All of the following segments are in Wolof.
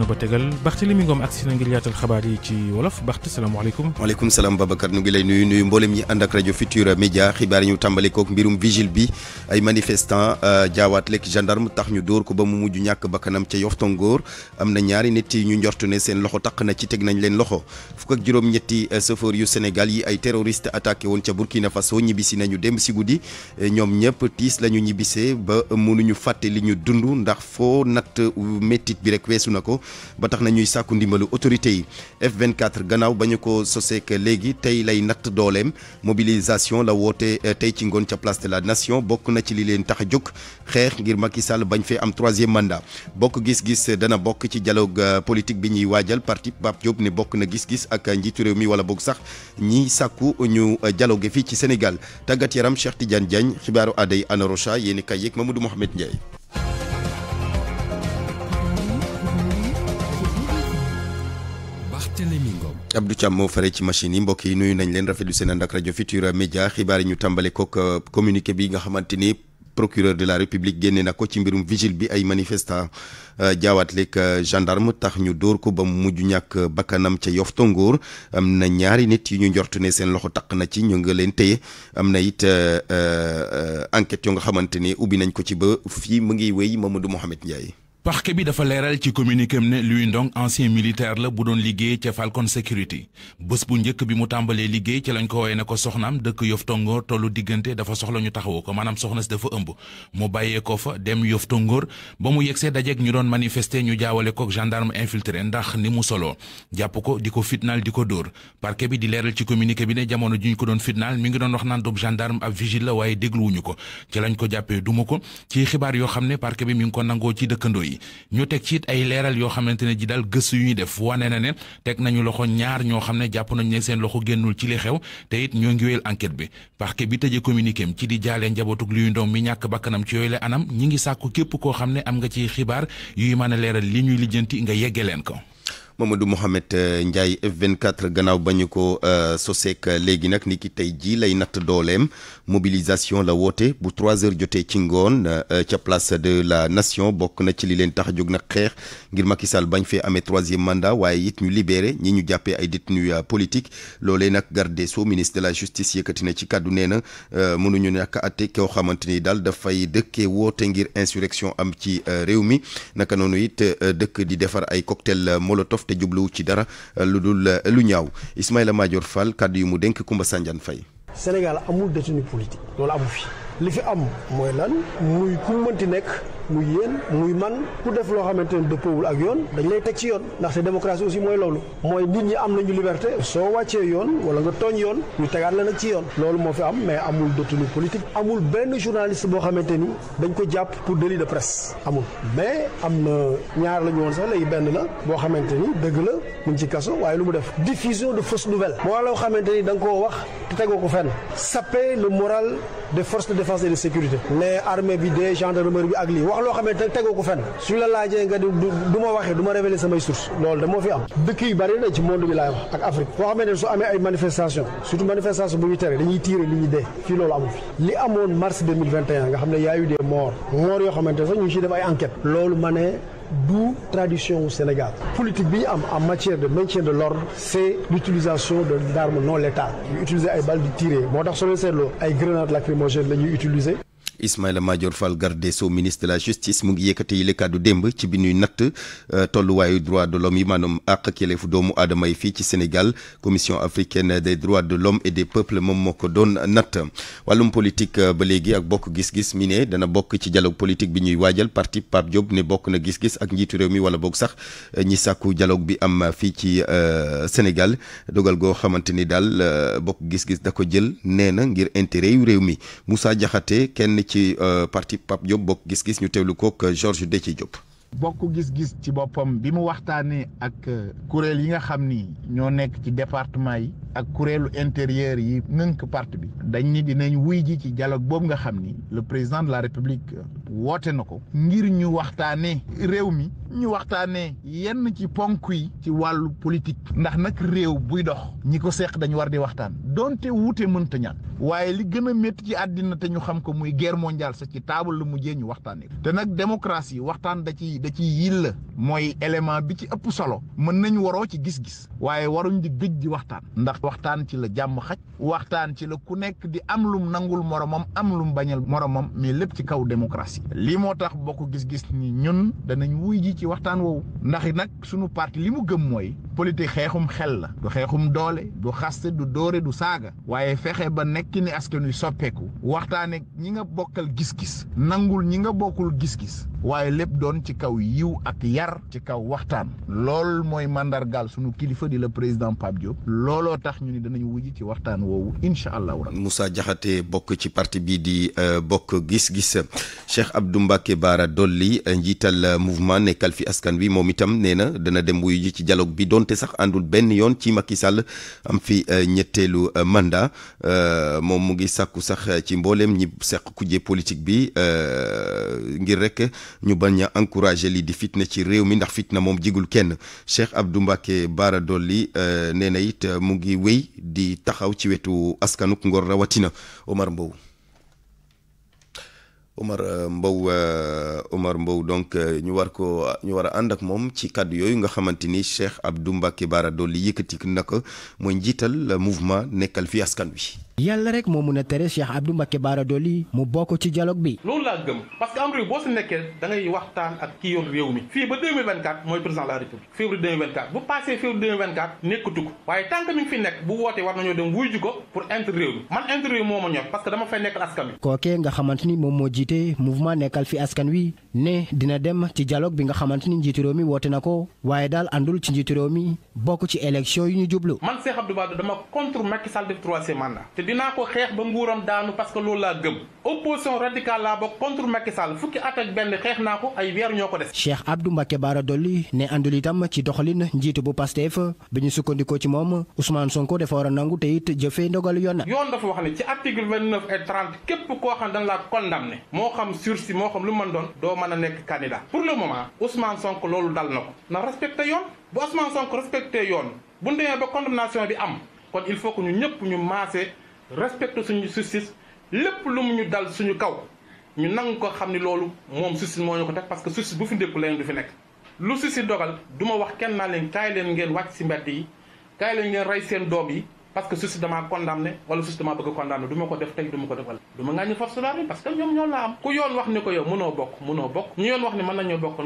na ba tegal Barthélemy Ngom ak si na ngir yaatal xabaar yi ci wolof Barth salaamaaleykum waaleykum salaam Babacar ñu ngi lay nuyu nuyu mboolem ñi ànd ak rajo Futur Média xibaar yi ñu tàmbali kook mbirum vigile bi ay manifestant euh, jaawaat lekk gendarme tax ñu door ko ba mu mujj ñàkk bakkanam ca Yoftongoor am na ñaari nit yi ñu njortu ne seen loxo taq na ci teg nañ leen loxo fukk ak juróom ñetti euh, chauffeur yu Sénégal yi ay terroriste attaqué woon ca Burkina Faso ñibbisi nañu démb si guddi euh, ñoom ñëpp tiis la ñu ñibbisee ba mënuñu fàtte li ñu dund ndax foo natt méttit bi rek weesu na ko ba tax na ñuy sàkku ndimbalu autorité yi f quatre gannaaw ba ñu ko soseek léegi tey lay natt dooleem mobilisation la woote eh, tey ci ngoon ca place de la nation bokk na ci li leen tax jóg xeex ngir Macky Sall bañ fee am troisième mandat bokk gis-gis eh, dana bokk ci dialogue eh, politique bi ñuy waajal parti baab Diop ne bokk na gis-gis ak njiitu réew mi wala boog sax ñiy sàkku ñu dialogue fii ci Sénégal tàggat yaram Cheikh Tidiane Diagne xibaaru aaday Ana Rocha yéen i kay yeeg Mamadou Mouhamed Abdou ca moo fare ci machine yi mbokk yi nuyu nañ leen rafetlu seen ànd ak rajo Futura Media xibaar yi ñu tàmbale kook euh, communiqué bi nga xamante ni. procureur de la république génne na ko ci mbirum vigile bi ay manifestant euh, jaawaatleeg euh, gendarme tax ñu dóor ko ba mu mujj ñàkk bakkanam ca yof tongoor am na ñaari nit yi ñu njort ne seen loxo takk na ci ñu nga leen téye am na it enquête yoo nga xamante ne ubbi nañ ko ci ba fii mu ngi wéy Mamadou Mohamed Ndiaye. parquet bi dafa leeral ci communiqué am ne Louis Ndong ancien militaire la bu doon liggéey ca Falcon Security bés bu njëkk bi mu tàmbalee liggéey ci lañ ko woowee na ko soxnaam dëkk Yof Tongoor tollu diggante dafa soxla ñu taxawoo ko maanaam soxna si dafa ëmb mu bàyyee ko fa dem Yof Tongoor ba mu yegsee dajeeg ñu doon manifester ñu jaawale ko gendarme infiltré ndax ni mu solo jàpp ko di ko fitnaal di ko dóor parquet bi di leeral ci communiqué bi ne jamono ji ñu ko doon fitnaal mi ngi doon wax naan doob gendarme ab vigile la ko ci lañ ko jàppee duma ko ci xibaar yoo xam ne parquet bi mi ngi ko nangoo ci dëkkandoo yi yi ñu teg ci it ay leeral yoo xamante ne ji dal gëstu yu ñu def wane na ne teg nañu loxo ñaar ñoo xam ne jàpp nañu ne seen loxo génnul ci li xew te it ñoo ngi wéyal enquête bi parquet bi tëjee communiqué ci di jaale njabootug liy ndoom mi ñàkk bakkanam ci yooyu la anam ñi ngi sàkku képp koo xam ne am nga ci xibaar yuy mën a leeral li ñuy lijjanti nga yegge leen ko Mamadou Mohamed euh, Ndiaye F24 gannaaw ba ñu ko euh, soseek euh, léegi nag ni ki tey jii lay natt dooleem mobilisation la woote bu trois heures jotee ci ngoon ca place de la nation bokk na ci li leen tax a jóg nag xeex ngir Macky Sall bañ fee amee troisième mandat waaye it ñu libeere ñi ñu jàppee ay détenus politiques loolee nag garde so Sceaux ministre de la justice yëkkati na ci kàddu nee na mënuñu ñàkk atte koo xamante ni daal dafay dëkke woote ngir insurrection am ci réew mi naka noonu it dëkk di defar ay cocktail molotov te jubluwu ci dara euh, lu dul euh, lu ñaaw Ismaïla Madior Fall kàddu yu mu denk Kumba Sanjaan Faye Sénégal amul détenu politique loolu amu fi li fi am mooy lan muy ku mënti nekk mu yéen muy man ku def loo xamante ne dëppoowul ak yoon dañu lay teg ci yoon ndaxte démocratie aussi mooy loolu mooy nit ñi am nañu liberté soo wàccee yoon wala nga tooñ yoon ñu tegaat la nag ci yoon loolu moo fi am mais amul détenu politique amul benn journaliste boo xamante ni dañ ko jàpp pour délit de presse amul mais am na ñaar lañu ñu woon sax léegi benn la boo xamante ni dëgg la mu ci kaso waaye lu mu def diffusion de fausses nouvelles moo loo xamante ni da koo wax te tegoo ko fenn saper le moral des forces de défense et de sécurité ne armée bi de gendarmerie bi ak lii wax loo xam ne tegoo ko fenn su la laajee nga di du ma waxee du ma révéler samay sources loolu de moo fi am dëkk yu bari na ci monde bi laay wax ak Afrique boo xamante ne su amee ay manifestation surtout manifestation bu ñu tere dañuy tiire li ñuy dee fii loolu amul fi li amoon mars nga xam ne y a eu des yoo xamante ne sax ñu ngi ciy def loolu ma ne du tradition au Sénégal politique bi am en matière de maintien de l'ordre c'est l'utilisation d'armes non létales ñu utiliser ay balles di tirer moo tax soo leen seetloo ay grenades lacrymogènes la ñuy utiliser Ismaïla Madior Fall garde des Sceaux ministre de la justice mu ngi yëkkate yi kàddu démb ci bi ñuy natt euh, tolluwaayu droit de l'homme yi maanaam àq ak yelleefu doomu adama yi fii ci Sénégal commission africaine des droits de l'homme et des peuples moom moo ko doon natt wàllum politique euh, ba léegi ak bokk gis-gis mi ne dana bokk ci dialogue politique bi ñuy waajal parti Pape Diop ni bokk na gis-gis ak njiitu réew mi wala boog sax euh, ñi sàkku dialogue bi am fii ci Sénégal dogal goo xamante ni daal bokk gis-gis da ko jël nee na ngir intérêt réew mi ci euh, parti Pape Diop bokk gis-gis ñu teewlu kook de Déthié Diop. bokk gis-gis ci boppam bi mu waxtaanee ak euh, kuréel yi nga xam ni ñoo nekk ci département yi ak kuréelu intérieur yi nënk parti bi dañ ni dinañ wuy ji ci dialogue boobu nga xam ni le président de la république euh, woote na ko ngir ñu waxtaanee réew mi ñu waxtaanee yenn ci ponk yi ci wàllu politique ndax nag réew buy dox ñi ko seq dañu war di waxtaan donte wuute mënta ñàkk waaye li gën a métti ci àddina te ñu xam ko muy guerre mondiale sax ci taabal la mujjee ñu waxtaanee da ci ciy la mooy élément bi ci ëpp solo mën nañu waroo ci gis-gis waaye waruñ di gëj di waxtaan ndax waxtaan ci la jàmm xaj waxtaan ci la ku nekk di am lum nangul moromam am lum bañal moromam mais lépp ci kaw démocratie lii moo tax bokk gis-gis ni ñun danañ wuy ji ci waxtaan woowu ndax nag sunu parti li mu gëm mooy politique xeexum xel la du xeexum doole du xaste du doore du saaga waaye fexe ba nekk ni askan wi soppeeku waxtaane ñi nga bokkal gis-gis nangul ñi nga bokkul gis-gis waaye lépp doon ci kaw yiw ak yar ci kaw waxtaan lool mooy màndargaal sunu kilifa di la président Pape Diop looloo tax ñu ni danañ wujj ci waxtaan woowu incha allahu rabbi Moussa Diakhaté bokk ci parti bii di euh, bokk gis-gis Cheikh Abdou Mbacké Bara Dolly euh, njiital euh, mouvement nekkal fi askan wi moom itam nee na dana dem wuyu ji ci dialogue bi doon sax àndul benn yoon ci Macky Sall am fi euh, ñetteelu euh, mandat euh, moom mu ngi sàkku sax ci mbooleem ñi seq kujje politique bi ngir rek ñu bañ a encourager lii di fitna ci réew mi ndax fitna moom jigul kenn Cheikh Abdou Mbacké Bara Dolly nee na it mu ngi wéy di taxaw ci wetu askanuk Ngor rawatina Omar Mbow Omar euh, Mbow euh, Omar Mbow donc euh, ñu war ko ñu war a ànd ak moom ci kaddu yooyu nga xamante ni Cheikh Abdou Mbacké Bara Dolly yëkkati na ko mooy njiital mouvement nekkal fi askan wi. yàlla rek moo mun a tere Cheikh Abdou Mbacké Bara Dolly mu bokk ci dialogue bi. loolu laa gëm parce que boo si nekkee da waxtaan ak kii yoon réew mi fii ba mooy président de la république bu passé février 2024 nekkatu ko waaye tant que fi nekk bu wootee war nañoo dem wuy ko pour intérêt réew mi man intérêt réew moo ma ñor parce dama fay nekkal askan wi. kookee nga xamante ni moom moo jiite mouvement nekkal fi askan wi ne dina dem ci dialogue bi nga xamante ni mi woote na ko waaye daal àndul ci njiitu réew mi bokk ci dinaa ko xeex ba nguuram daanu parce loolu laa gëm opposition radicale contre Macky fukki at benn xeex naa ko ay weer ñoo ko des. Cheikh Abdou Mbacké Bara Dolly ne àndul itam ci doxalin njiitu bu Pastef bi ñu sukkandikoo ci moom Ousmane Sonko dafa war a nangu te it jëfee ndogalu yoon. yoon dafa wax ne ci article vingt neuf et trente képp koo xam dañ laa condamné moo xam sursis moo xam lu mën doon doo mën a nekk candidat pour le moment Ousmane respecté suñu justice lépp lu mu ñu dal suñu kaw ñu nangu ko xam ni loolu moom justice moo ñu ko teg parce que bu fi ndékku leen du fi nekk lu justice dogal du ma wax kenn naa leen kaay leen ngeen wàcc si mbedd yi kaay leen ngeen rey seen doom yi parce que justice damaa condamné wala justice damaa bëgg a condamné du ma ko def tey du ko defal du ma ngàññi force de l'ordre parce que ñoom ñoo la am ku yoon wax ni ko yow mënoo bokk mënoo bokk ñu yoon wax ni nañu bokk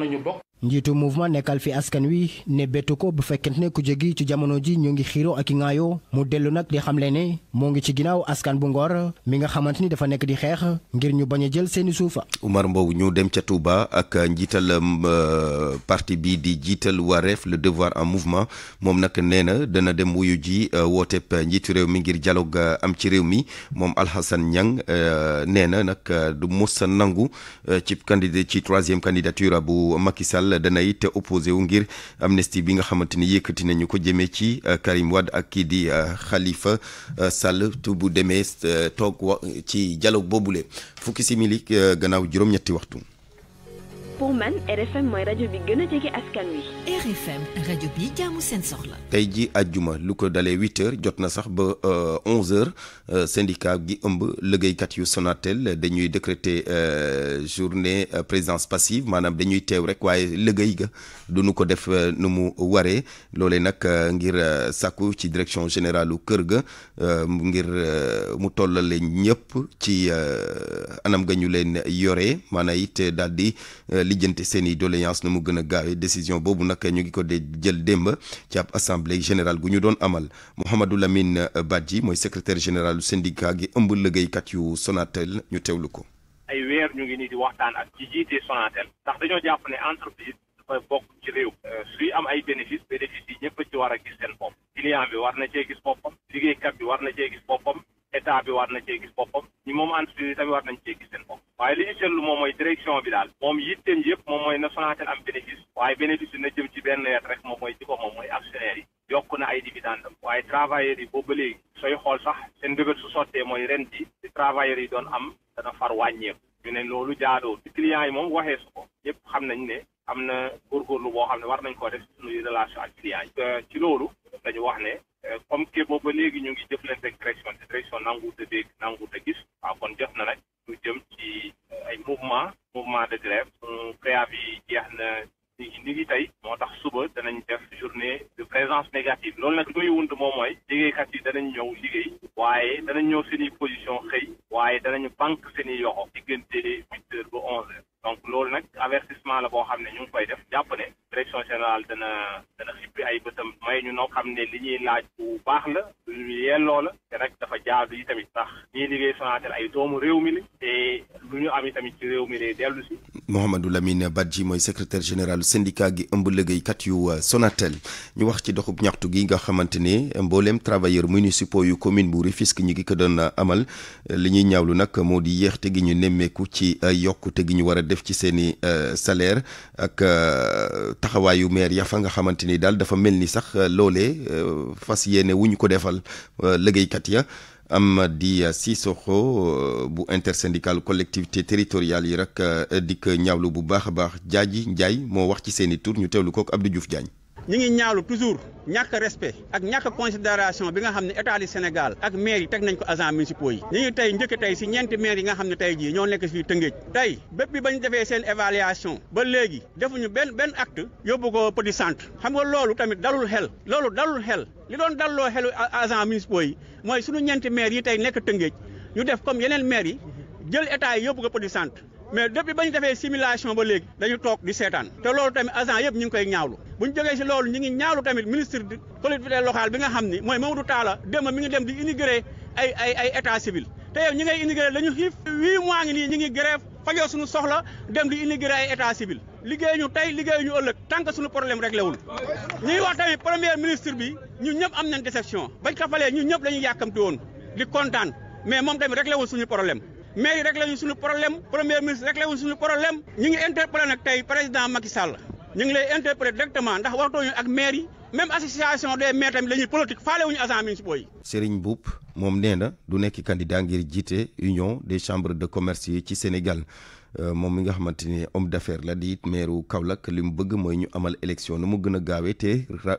njiitu mouvement nekkal fi askan wi ne bettu ko bu fekkente ne ku jógi ci jamono ji ñu ngi xiiroo ak i ŋaayoo mu dellu nag di xamle ne moo ngi ci ginnaaw askan bu ngor mi nga xamante ni dafa nekk di xeex ngir ñu bañ a jël seeni suufa Umar Mbow ñu dem ca Touba ak njiital euh, parti bii di jiital Wareef le devoir en mouvement moom nag nee na dana dem wuyu ji euh, wooteeb njiitu réew mi ngir dialogue am ci réew mi moom Alhassane Niang euh, nee na nag du mos nangu ci candid ci troisième candidature bu Macky Sall Sall dana it opposé wu ngir amnistie bi nga xamante ni yëkkati nañu ko jëmee ci euh, Karim Wade ak kii di euh, Khalifa euh, Sall tu bu demee toog wa ci dialogue boobule fukki simili gannaaw juróom-ñetti waxtu. pour man a jege tey jii àjjuma lu ko dalee huit jot na sax ba euh, onze heures euh, syndicat gi ëmb liggéeykat yu Sonatel dañuy décréter euh, journée présidence passive maanaam dañuy teew rek waaye liggéey ga du nu ko def nu mu waree loolee nag ngir sàkku ci direction générale u kër ga ngir mu tollale ñëpp ci anam ga ñu leen yore maanaam it daal di. lijjanti seen i doléance mu gën a gaawee décision boobu nag ñu ngi ko de jël démb ci ab assemblée générale gu ñu doon amal Mouhamadou Lamine Badji mooy secrétaire général du syndicat gi ëmb liggéeykat yu Sonatel ñu teewlu ko. ay weer ñu ngi nii di waxtaan ak ci jiite Sonatel. ndax dañoo jàpp ne entreprise dafa bokk ci réew. Euh, suy am ay bénéfices bénéfices yi ñëpp ci war a gis seen bopp. client bi war na cee gis boppam. liggéeykat bi war na cee gis boppam. état bi war na cee gis boppam ñi moom entreprise yi war nañ cee gis seen bopp waaye li ñu seetlu moom mooy direction bi daal moom yitteem yëpp moom mooy na Sonatel am bénéfice waaye bénéfice na jëm ci benn wet rek moom mooy ci ko moom mooy actionnaire yi yokk na ay dividende waaye travailleurs yi boobu ba léegi sooy xool sax seen bébét su sottee mooy ren yi di travailleurs yi doon am dana far wàññeeku ñu ne loolu jaadoo ci yi moom waxee su ko yëpp xam nañ ne am na góorgóorlu boo xam ne war nañ koo def suñuy ak clients yi ci loolu wax ne comme que booba léegi ñu ngi jëflante ak direction te direction nanguwut a dégg nanguwut a gis waaw kon jot na nag ñu jëm ci ay mouvement mouvement de grève suñu préavis yi jeex na ni ngi tey moo tax suba danañ def journée de présence négative loolu nag li koy wund moom mooy liggéeykat yi danañ ñëw liggéey waaye danañ ñëw seen i position xëy waaye danañu bank seen i yoxo diggante huit heures ba onze heures donc loolu nag avertissement la boo xam ne ñu ngi koy def jàpp ne direction générale may ñu noo xam ne li ñuy laaj bu baax la lu yelloo la te rek dafa jaadu yi tamit sax ñiy liggéey Sonatel ay doomu réew mi la te lu ñu am yi tamit ci réew mi lay dellu si Mouhamadou Lamine Badji mooy secretaire général syndicat gi ëmb liggéeykat yu euh, Sonatel ñu wax ci doxub ñaxtu gi nga xamante ne mbooleem travailleurs municipaux yu commune bu Rufisque ñi ngi ko doon euh, amal li ñuy ñaawlu nag moo di yéexte gi ñu nemmeeku ci euh, yokkute gi ñu war a def ci seeni i salaire ak taxawaayu meer ya fa nga xamante ni daal dafa mel ni sax loolee fas yéene wu ñu ko defal liggéeykat ya a Amady Sissoko euh, bu intersyndical collectivité territoriale yi rek euh, dikk ñaawlu bu baax a baax Jaaji Njaay moo wax ci seeni tur ñu teewlu kook Abdou Diouf Diagne ñu ngi ñaawlu toujours ñàkk respect ak ñàkk considération bi nga xam ne état du Sénégal ak maire yi teg nañ ko agents municipaux yi ñu ngi tey njëkk tey si ñeenti maire yi nga xam ne tey jii ñoo nekk si Tëngéej tey bépp bi bañ defee seen évaluation ba léegi defuñu benn benn acte yóbbu ko petit centre xam nga loolu tamit dalul xel loolu dalul xel li doon dalloo xelu agents municipaux yi mooy suñu ñeenti maire yi tey nekk Tëngéej ñu def comme yeneen maire yi jël état yi yóbbu ko petit centre mais depuis ba ñu defee simulation ba léegi dañu toog di seetaan te loolu tamit agent yëpp ñu ngi koy ñaawlu bu ñu jógee si loolu ñu ngi ñaawlu tamit ministre de collectivité locale bi nga xam ni mooy Mamadou Talla démb mi ngi dem di inaugurer ay ay ay état civil te yow ñi ngay inaugurer dañu xiif huit mois ngi nii ñu ngi grève fajoo suñu soxla dem di inaugurer ay état civil liggéey ñu tey liggéey ñu ëllëg tant que suñu problème réglé wul ñu ngi wax tamit premier ministre bi ñun ñëpp am nañ déception bañ ko falee ñun ñëpp dañuy yàkkamti woon di kontaan mais moom tamit réglé wul suñu problème mairie réglé ñu suñu problème premier ministre réglé wuñ suñu problème ñu ngi interpellé nag tey président Macky Sall ñu ngi lay interpellé directement ndax waxtooñu ak maire yi même association des maires tamit la ñuy politique faale wuñu agents municipaux yi. Serigne moom nee na du nekk candidat ngir jiite union des chambres de commerce yi ci Sénégal. Euh, moom mi nga xamante ni homme d'affaires la di it meeru Kaolack li mu bëgg mooy ñu amal élection nu mu gën gaawee te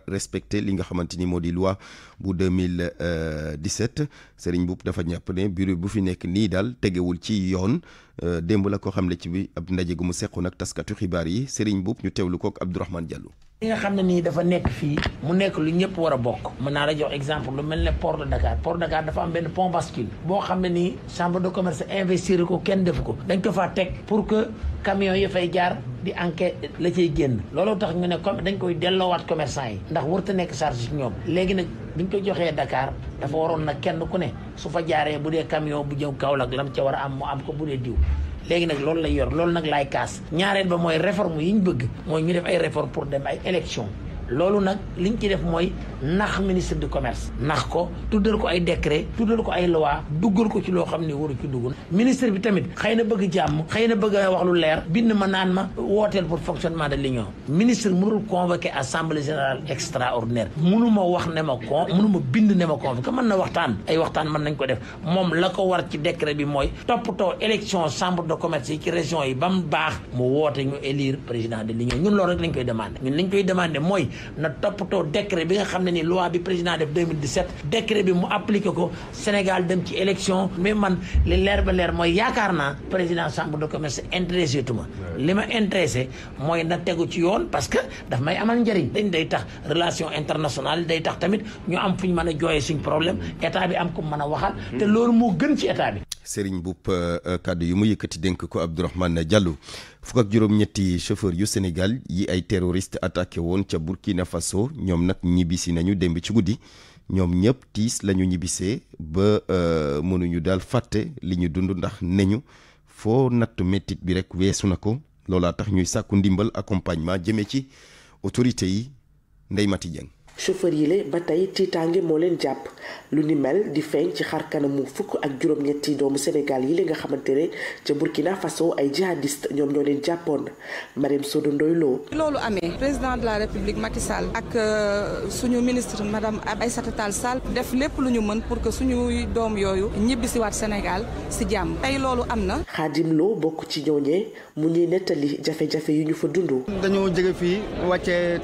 respecté li nga xamante ni moo di loi bu 2017 euh, Serigne Mboup dafa ñàpp ne bureau bu fi nekk nii daal tegewul ci yoon euh, démb la ko xamle ci bi ab ndaje gu mu seqoon nag taskatu xibaar yi Serigne Mboup ñu teewlu kook Abdourahmane Diallo. li nga xam ne nii dafa nekk fii mu nekk lu ñëpp war a bokk mën naa la jox exemple lu mel ne port de Dakar port de Dakar dafa am benn pont bascule boo xam ne nii chambre de commerce investir ko kenn def ko dañ ko faa teg pour que camion yi fay jaar di enquête la cay génn looloo tax ñu ne comme dañ koy delloowaat commerçant yi ndax warta nekk charge ñoom léegi nag biñ ko joxee Dakar dafa waroon nag kenn ku ne su fa jaaree bu dee camion bu jëm Kaolack lam ca war a am mu am ko bu dee diw léegi nag loolu lay yor loolu nag laay kaas ñaareel ba mooy réforme yi ñu bëgg mooy ñu def ay réforme pour dem ay élection loolu nag liñ ci def mooy nax ministre du commerce nax ko tuddal ko ay décret tuddal ko ay loi duggal ko ci loo xam ne waru ci dugg ministre bi tamit xëy na bëgg jàmm xëy na bëgg wax lu leer bind ma naan ma wooteel pour fonctionnement de l'union ministre mënul convoquer assemblée générale extraordinaire mënu ma wax ne ma kon mënu ma bind ne ma convoqué mën na waxtaan ay waxtaan mën nañ ko def moom la ko war ci décret bi mooy toppatoo élection chambre de commerce yi ci région mu baax mu woote ñu élire président de l'union ñun loolu rek lañ koy mooy na toppatoo décret bi nga xam ne ni loi bi président def 2017 décret bi mu appliqué ko Sénégal dem ci élection mais man li leer ba leer mooy yaakaar naa président chambre de commerce intéressé tuma li ma intéressé mooy na tegu ci yoon parce que daf may amal njariñ dañ day tax relation internationale day tax tamit ñu am fu ñu mën a jooyee suñ problème mm. état bi am ko mën a waxal mm. te loolu moo gën ci état bi Serigne Mboup euh, euh, kaddu yi mu yëkkati dénk ko Abdourahmane Diallo fukk ak juróom-ñetti chauffeur yu Sénégal yi ay terroriste attaqué woon ca Burkina Faso ñoom nag ñibbisi nañu démb ci guddi ñoom ñëpp tiis la ñu ñibbisee ba euh, mënuñu daal fàtte li ñu dund ndax neñu foo natt méttit bi rek weesu na ko loolaa tax ñuy sàkku ndimbal accompagnement jëmee ci autorité yi ndeymati jang chauffeur yile ba tey tiitaange moo leen jàpp lu ni mel di feeñ ci xar kanamu fukk ak juróom-ñetti doomu Sénégal yile nga xamante ne ca Burkina Faso ay jihadiste ñoom ñoo leen jàppoon Mariam Sodo Ndoye loo loolu amee président de la république Macky Sall ak euh, suñu ministre madame ay Tall Sall def lépp lu ñu mën pour que suñu doom yooyu ñibbi si waat Sénégal si jàmm tey loolu am na. Xaadim loo bokk ci ñooñee mu ñuy nettali jafe-jafe yu ñu fa dund. dañoo jóge fii wàccee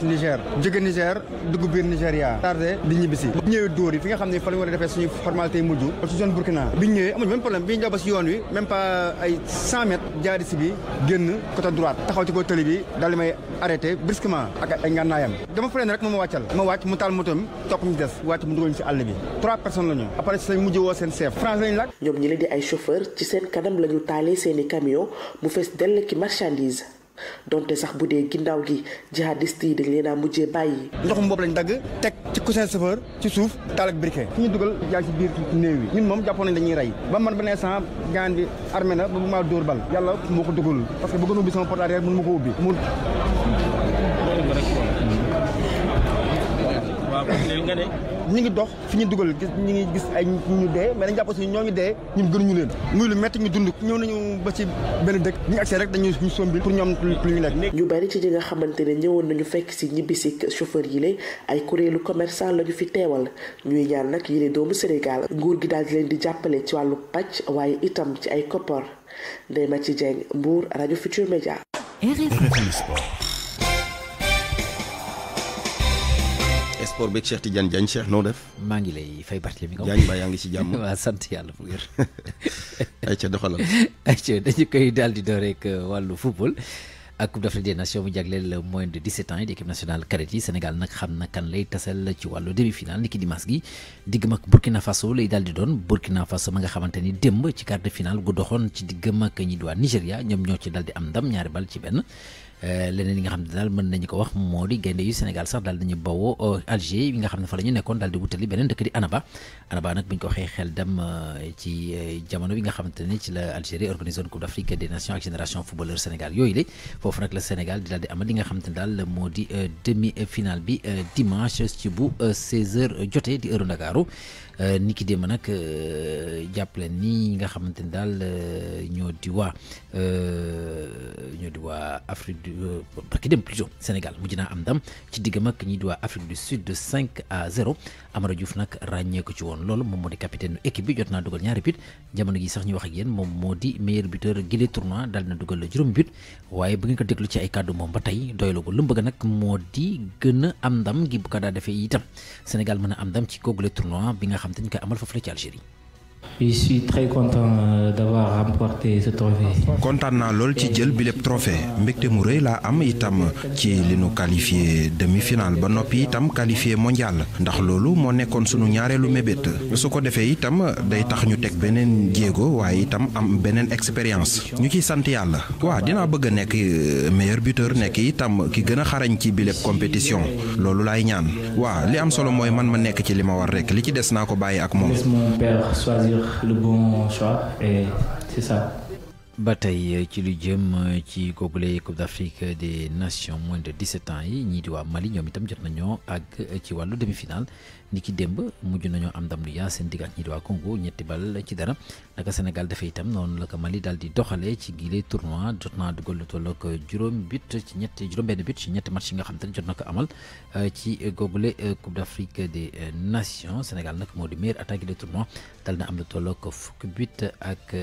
biir Nigéria tardé di ñibbisi bu ñëwee dóor yi fi nga xam ne fa la a defee suñu formalité mujj ci zone Burkina bi ñëwee amuñu même problème bi ñu jàpp si yoon wi même pas ay 100 mètres bi génn côté droite taxaw ci ko tëli bi daal di may arrêté brusquement ak ay ngànnaayam dama freiné rek moom ma wàccal ma wàcc mu taal motom topp ñu des wàcc mu dugal si àll bi trois personnes la ñu si lañ mujj woo seen chef français lañu laaj ñoom ñi leen di donte sax bu dee ginnaaw gi jihadiste yi dañ leen a mujjee bàyyi. ndoxum boobu lañ dagg teg ci coussin chauffeur ci suuf taal briquet fu ñu dugal jaay si biir néew yi ñun moom jàppoon nañ dañuy rey ba man ba ne sant gaan bi armé na ba bu maa dóor bal yàlla moo ko dugal parce que bëggoon ubbi sama porte arrière mun ma ko ubbi mun ñu ngi dox fi ñu dugal ñu ngi gis ay ñu dee mais dañu jàpp aussi ñoo ñu dee ñun gënuñu leen muy lu metti ñu dund ñëw nañu ba ci benn dëkk ñu accès rek dañuy sombi pour ñoom lu ñu nekk ñu bari ci ñi nga xamante ne ñëwoon nañu fekk si ñibbisi chauffeur yi lay ay kuréelu commerçant la ñu fi teewal ñuy ñaan nag yi doomu Sénégal nguur gi daal di leen di jàppale ci wàllu pàcc waaye itam ci ay koppar Ndeye ci Dieng mbuur rajo Futur Média sport beeg Cheikh Tidiane Diagne Cheikh noo def. maa ngi lay fay Barthélémy Ngom Diagne ba yaa ngi ci jàmm. waaw sant yàlla bu wér. ayca doxalal. ayca dañu koy daal di door rek uh, wàllu football. ak Coupe d'Afrique des Nations bu jagleel uh, moins de 17 ans yi di équipe nationale cadette yi Sénégal nag xam na kan lay tasal ci wàllu demi-finale ni ki dimanche gi diggam ak Burkina Faso lay daal di doon Burkina Faso ma nga xamante ni démb ci quart de finale gu doxoon ci digg ak ñi di waa ñoom ñoo ci daal di am ndam ñaari bal ci benn. Euh, leneen yi nga xam ne daal mën nañu ko wax moo di gaynde yu Sénégal sax daal dañu bawoo euh, Alger yi nga xam ne fa lañu nekkoon daal di wutali beneen dëkk di Annaba Annaba nag bu ñu ko waxee xel dem euh, ci jamono bi nga xamante ne ci la Algérie organisé woon Coupe d'Afrique des Nations ak génération footballeur Sénégal yooyu la foofu nag la Sénégal di daal di li nga xamante daal moo di demi finale bi dimanche ci bu 16h jotee di heure Ndakaaru ni ki démb nag jàppale ni nga xamante ne daal ñoo di waa ñoo di waa Afrique Euh, barki dem plutôt Sénégal mujj naa am ndam ci diggam mag ñi di waa Afrique du Sud de 5 à 0 Amara Diouf nag ràññee ci woon lool moom moo di capitaine équipe bi jot naa dugal ñaari but jamono gi sax ñu wax ak yéen moom moo di meilleur buteur gile tournoi daal na dugal juróom but waaye bu ngeen ko déglu ci ay kàddu moom ba tey doylu ko lu mu nag moo di gën a am ndam gi bu ko daa defee itam Sénégal mën a am ndam ci googule tournoi bi nga xam te ñu amal foofu la ci Je suis très content euh, d'avoir remporté ce trophée. kontaan naa loolu ci jël bi lépp trophée mbégte mu rëy laa am itam ci li nu qualifié demi-finale ba noppi itam qualifié mondial ndax loolu moo nekkoon sunu ñaareelu mébét su ko defee itam day tax ñu teg beneen jéego waaye itam am beneen expérience ñu ciy sant yàlla. waa dinaa bëgg a nekk euh, meilleur buteur nekk itam ki gën a xarañ ci bi lépp loolu laay ñaan waaw li am solo mooy man ma nekk ci li ma war rekk li ci des naa ko bàyyi ak moom. choisir le bon choix c'est ça. ba tey euh, ci lu jëm euh, ci googule Coupe d'Afrique des Nations moins de 17 ans yi ñii di waa Mali ñoom itam jot nañoo ak euh, ci wàllu demi-finale. ni ki démb mujj nañoo am ndam lu yaa seen digg ak ñi di waa Congo ñetti bal ci dara naka Sénégal dafay itam noonu la ko Mali daal di doxalee ci giile tournoi jot naa dugal lu toll ak juróom but ci ñetti juróom-benn but ci ñetti match yi nga xam te ne jot na ko amal euh, ci googule euh, Coupe d'Afrique des Nations Sénégal nag moo di meilleur attaque de tournoi dal na am lu toll ak fukki but ak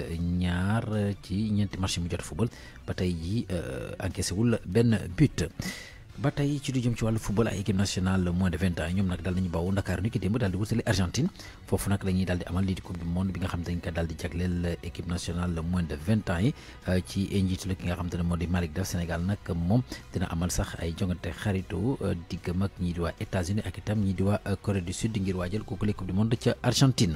ñaar ci ñeenti match yi mu jot football ba tey jii euh, encaissé wul benn but. ba tey ci du jëm ci wàllu football ay équipe nationale moins de vingt ans ñoom nag daal nañu bawoo Ndakaaru ni ki démb daal di wutali Argentine foofu nag dañuy daal di amal lii di coupe du monde bi nga xam te dañ euh, moo di Malick Daf Sénégal nag moom dina amal sax ay jongante xarito euh, diggam ak ñii di waa États-Unis ak itam ñii di waa euh, Corée du Sud ngir waajal kooku la coupe du monde ca Argentine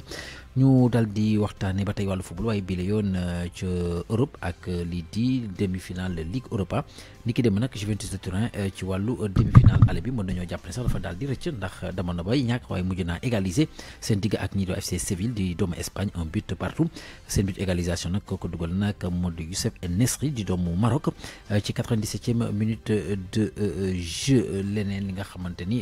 ñu dal di waxtaanee ba tey wàllu football waaye bii yoon euh, ca Europe ak euh, lii di demi-finale Ligue Europa ni ki dem nag Juventus de euh, ci wàllu demi-finale aller bi mën nañoo jàpp ne sax dafa daal di rëcc ndax dama na bay ñàkk waaye mujj naa égaliser seen digg ak ñi di doomu Espagne un but partout seen but égalisation nag ko dugal nag moo di Youssef Nesri di doomu Maroc ci 97e minute de jeu leneen li nga xamante ni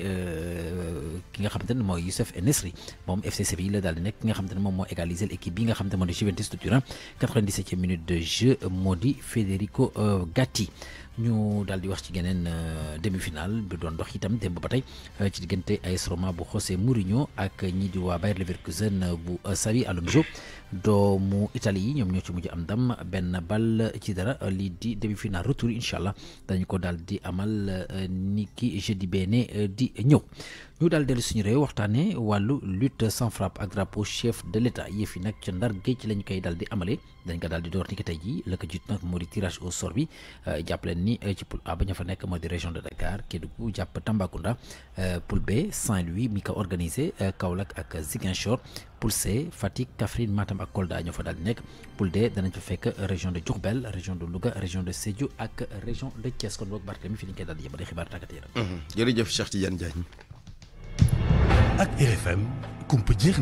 ki nga xamante ni mooy Youssef Nesri moom FC Séville la daal di moom moo égaliser l'équipe yi nga xam te moo di Juventus de Turin 97e minute de jeu moo di Federico euh, Gatti ñu daal di wax ci geneen euh, demi-finale bi doon dox itam démb ba tey euh, ci diggante AS Roma bu José Mourinho ak ñi di waa Bayer Leverkusen bu Xabi Alonso doomu Italie yi ñoom ñoo ci mujj am ndam benn bal ci dara lii di demi-finale retour incha allah dañu ko daal di amal niki jeudi benn di ñëw. ñu daal dellu suñu réew waxtaane wàllu lutte sans frappe ak drapeau chef de l'état yëf nag ca ndar géej ci lañ koy daal di amale dañ ko daal di door ni ki tey ji la ko jiit nag moo di tirage au sort bi euh, jàppaleen ni euh, ci poule A ba ña fa nekk moo di région de Dakar Kédougou jàpp Tambacounda euh, poule B Saint-Louis mi ko organisé Kaolack ak Ziguinchor poule C Fatick Kaffrine Matam ak Kolda ñoo fa daal di nekk poule D danañ fa fekk région de Diourbel région de Louga région de Sédhiou ak région ak RFM kumpa jeex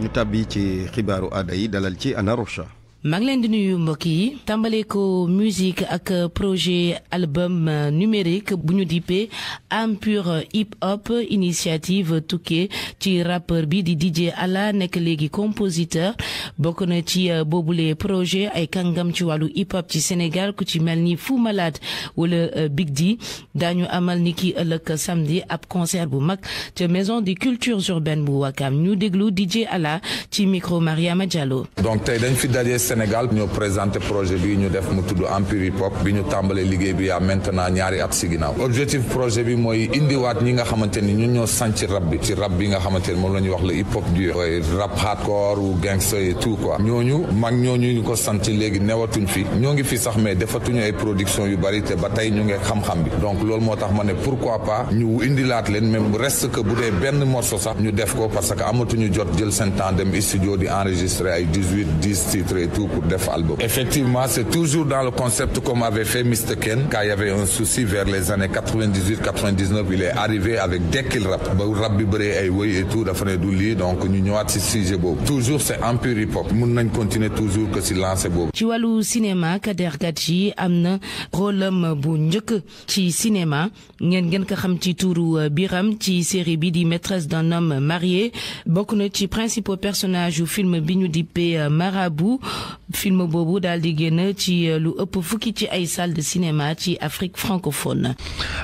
ñu tàbbi ci xibaaru aada yi dalal ci Ana maa ngi leen di nuyu mbokk yi tàmbalee ko musique ak projet album numérique bu ñu dippee Am Pur hip hop initiative tukkee ci rappeur bi di DJ Alla nekk léegi compositeur bokk na ci euh, boobule projet ay kangam ci wàllu hip hop ci Sénégal ku ci mel ni fu Malade wala euh, Big D dañu amal ni ki ëllëg samdi ab concert bu mag te maison di cultures urbaines bu Wakam ñu déglu DJ Alla ci micromaria Mariama Diallo. Sénégal ñoo présenté projet bi ñu def mu tudd Empire Hip Hop bi ñu tàmbalee liggéey bi yaa maintenant ñaari at si objectif projet bi mooy indiwaat ñi nga xamante ni ñun ñoo sanc rab bi ci rab bi nga xamante ni moom la ñuy wax le hip hop dur rap hardcore ou gangster et tout quoi ñooñu mag ñooñu ñu ko sanc léegi newatuñ fi ñoo ngi fi sax mais defatuñu ay production yu bari te ba tey ñu ngi xam-xam bi donc loolu moo tax ma ne pourquoi pas ñu indilaat leen même reste que bu dee benn morceau sax ñu def ko parce que amatuñu jot jël seen temps dem studio di ay dix huit dix titres tout pour def album. effectivement c'est toujours dans le concept comme avait fait Mr Ken. quand est arrivé avec Dekkil Rap ba rap woy et tout dafa ne du lii donc ñu ñëwaat si sujet toujours c'est un hip hop mun nañ continuer toujours que si lancer boobu. ci wàllu cinéma Kader Gadji am na rôle bu njëkk ci cinéma ngeen ngeen ko xam ci tuuru euh, Biram ci série bi di d'un homme marié bokk na principaux personnages yu film bi ñu dippee euh, Marabout. film boobu daal di génn ci euh, lu ëpp fukki ci ay salle de cinéma ci Afrique francophone.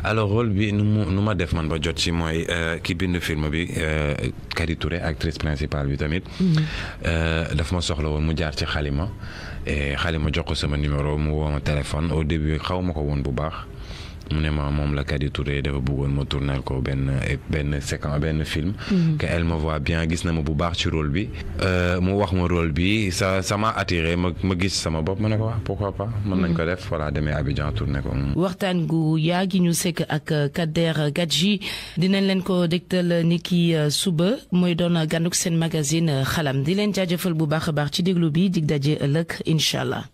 alors rôle bi nu mu nu ma def man ba jot ci mooy euh, ki bind film bi euh, Kadi Touré actrice principale bi tamit. Mhm. dafa ma soxla woon mu jaar ci xalima e xalima jox ko sama numéro mu woo ma téléphone au début xaw ma ko woon bu baax. mu ne ma moom la Kady Touré dafa bëggoon ma tourner ko benn benn séquence benn film. Mhm. que elle me voit bien gis na ma bu baax ci rôle bi. Euh, mu wax ma rôle bi sa sama m'a attiré ma ma gis sama bopp ma ne ko wax ah, pourquoi pa mën nañ ko mhm. def voilà demee Abidjan tourner ko. waxtaan gu yaa gi ñu sekk ak euh, Kader Gadji dinañ leen ko dégtal euh, ni ki suba mooy doon ganuk seen magasin xalam di leen jaajëfal bu baax a baax ci déglu bi dig daje ëllëg incha allah.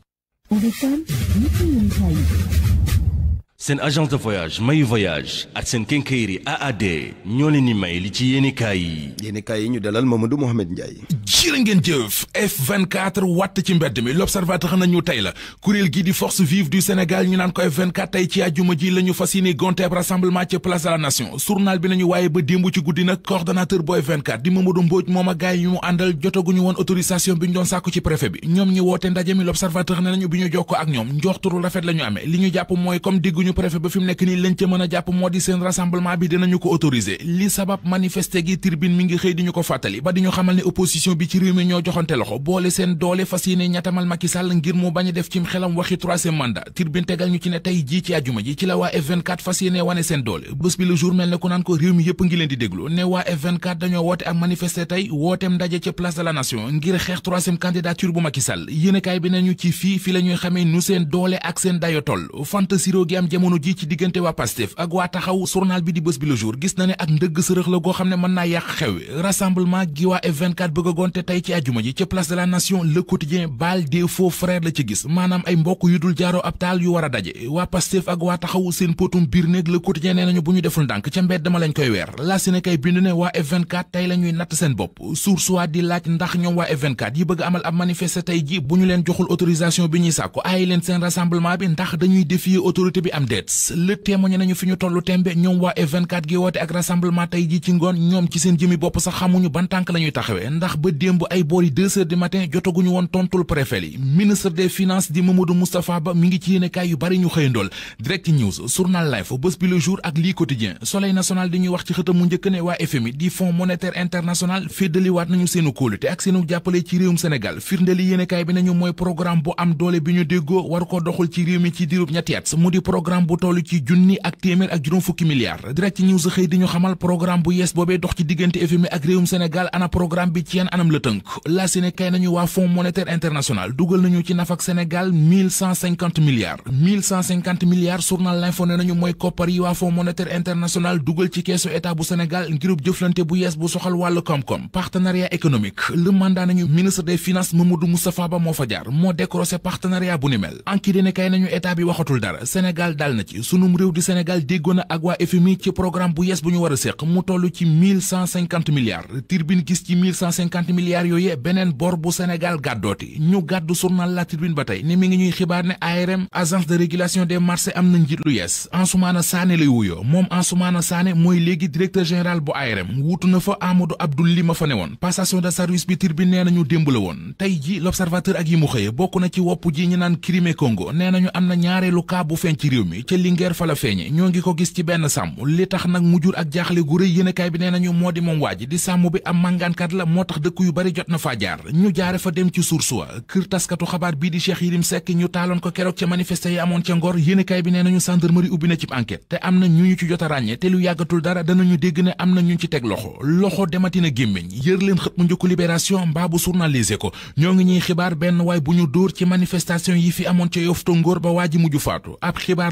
seen agence de voyage mayu voyage ak seen kénkéyri AAD ñoo leen di may li ci yéenekaay yi. yéenekaay yi ñu dalal Mamadou Mouhamed Ndiaye. jërë ngeen jëf F24 watt ci mbedd mi l'observateur nañu tey la kuréel gii di force vive du Sénégal ñu naan ko F24 tey ci àjjuma ji la ñu fas yéene gonteeb rassemblement ci place de la nation journal bi nañu waaye ba démb ci guddi nag coordonnateur bu F24 di Mamadou moom ak gars yi mu àndal jotaguñu woon autorisation bi ñu doon sàkku ci préfet bi ñoom ñi woote ndaje mi l'observateur ne nañu ñu jokkoo ak ñoom njorturu rafet la ñu amee li ñu jàpp suñu préfet a jàpp moo di seen rassemblement bi dinañu ko autoriser li sabab manifester gi tribune mi ngi xëy di ñu ko fàttali ba di ñu xamal ne opposition bi ci réew mi ñoo joxante loxo boole seen doole fas yéene ñatamal Macky Sall ngir mu bañ def cim xelam waxi troisième mandat tegal ñu ci ne tey jii ci àjjuma ji ci la waa F24 fas wane seen doole bés bi le jour mel ne ku naan ko réew mi yëpp ngi leen di déglu ne waa f dañoo woote ak manifester tey wooteem fii jamono ji ci diggante waa Pastef ak waa taxaw journal bi di bés bi le jour gis na ne ak ndëgg sërëx la goo xam ne mën naa yàq xew rassemblement gi waa f bëgg a gonte tey ci ajuma ji ci place de la nation le quotidien bal des faux frères la ci gis maanaam ay mbokk yu dul jaaroo ab taal yu war a daje waa Pastef ak waa taxaw seen potum biir néeg le quotidien nee nañu bu ñu deful ndànk ca mbedd dama lañ koy weer la kay bind ne waa f bi ñuy déet le témoigné nañu fi ñu tollu tembe ñoom waa F24 gi woote ak rassemblement tey ji ci ngoon ñoom ci seen jëmi bopp sax xamuñu ban tànk la ñuy ndax ba démb ay boori deux heures du matin jotaguñu woon tontul préfet yi ministre des finances di Mamadou Moustapha Ba mi ngi ci yéenekaay yu bari ñu xëyandool direct news journal life bés bi le jour ak lii quotidien soleil national di ñuy wax ci xëtam mu njëkk ne waa FMI di fonds monétaire international programme bu toll ci junni ak téeméer ak juróom fukki milliards direct news xëy di ñu xamal programme bu yees boobee dox ci diggante FMI ak réewum Sénégal ana programme bi ci yan anam la tënk la sine kay nañu waa Fonds monétaire international dugal nañu ci nafak Sénégal milliards 1150 milliards ne nañu mooy koppar yi waa Fonds monétaire international dugal ci keesu état bu Sénégal ngirub jëflante bu yees bu soxal wàllu koom-koom partenariat économique dal na ci sunum réew di Sénégal déggoon ak waa FMI ci programme bu yees bu ñu war a séq mu toll ci 1150 milliards Tribune gis ci 1150 milliards beneen bor bu Sénégal gàddooti ñu gàddu journal La Tribune ba tey ni mi ngi ñuy xibaar ne ARM agence de régulation des marchés am na njiit lu yees Ansoumana Sané lay wuyoo moom Ansoumana Sané mooy léegi directeur général bu ARM wuutu na fa Amadou Abdoul li ma fa ne woon passation de service bi Tribune nee na ñu naan mi ca Linguère fa la feeñe ñoo ngi ko gis ci benn sàmm li tax nag mu jur ak jaaxle gu rëy yéenekaay bi nee nañu moo di moom waaji di sàmm bi am màngaankat la moo tax dëkk yu bari jot na faa jaar ñu jaare fa dem ci source kër taskatu xabaar bii di Cheikh Yérim Seck ñu taaloon ko keroog ca manifesté yi amoon ca Ngor yéenekaay bi nee nañu gendarmerie ubbi na ci enquête te am na ñu ñu ci jot a ràññee te lu yàggatul dara danañu dégg ne am na ñu ci teg loxo loxo dematina gémmiñ yër leen xët mu njëkku libération mbaa bu benn waay bu ñu dóor ci manifestation yi fi amoon ca Yoff Tongoor ba waaji mujju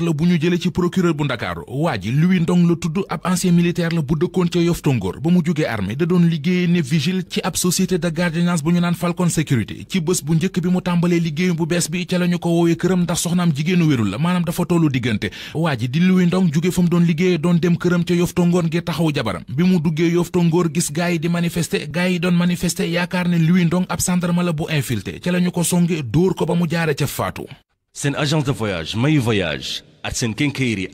la bu ñu jële ci procureur bu ndakaaru waa ji Louis Ndong la tudd ab ancien militaire la bu dëkkoon ca Yoff ba mu jógee armée da doon liggéeye ne vigile ci ab société de gardiennage bu ñu naan Falcon Sécurité ci bés bu njëkk bi mu tàmbalee liggéeyu bu bees bi ca la ñu ko woowee këram ndax soxnaam jigéenu wérul la maanaam dafa tollu diggante waa ji di Louis Ndong jóge fa mu doon liggéeye doon dem këram ca Yoff Tongoor ngir taxaw jabaram bi mu duggee Yoff Tongoor gis gaay yi di manifester gaay yi doon manifester yaakaar ne Louis Ndong ab gendarme la bu infiltré ca la ñu ko songe dóor ko ba mu jaare ca faatu seen agence de voyage Voyage ak seen kénkéeri